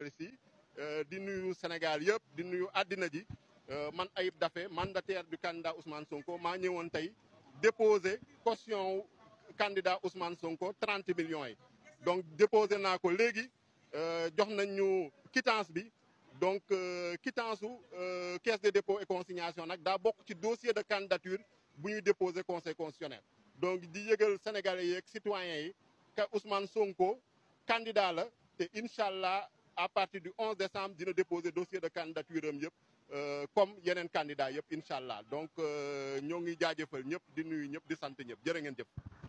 précis euh, di nuyu Sénégal yëpp di nuyu àddina ji euh, man Ayib Daffé mandataire du candidat Ousmane Sonko maa ñëwoon tey déposé caution wu candidat Ousmane Sonko 30 millions yi. donc déposé naa ko léegi euh, jox nañ ñu quittance bi donc quittance u caisse de dépôt et consignation nag daa bokk ci dossier de candidature bu ñuy déposé conseil constitutionnel. donc di yëgal sénégalais yeeg citoyens yi que Ousmane Sonko candidat la te incha allah à partir du 11 décembre dina déposer dossier de candidature am yëpp euh, comme yeneen candidat yëpp incha allah donc euh, ñoo ngi jaajëfal ñëpp di nuyu ñëpp di sant ñëpp jërë ngeen jëf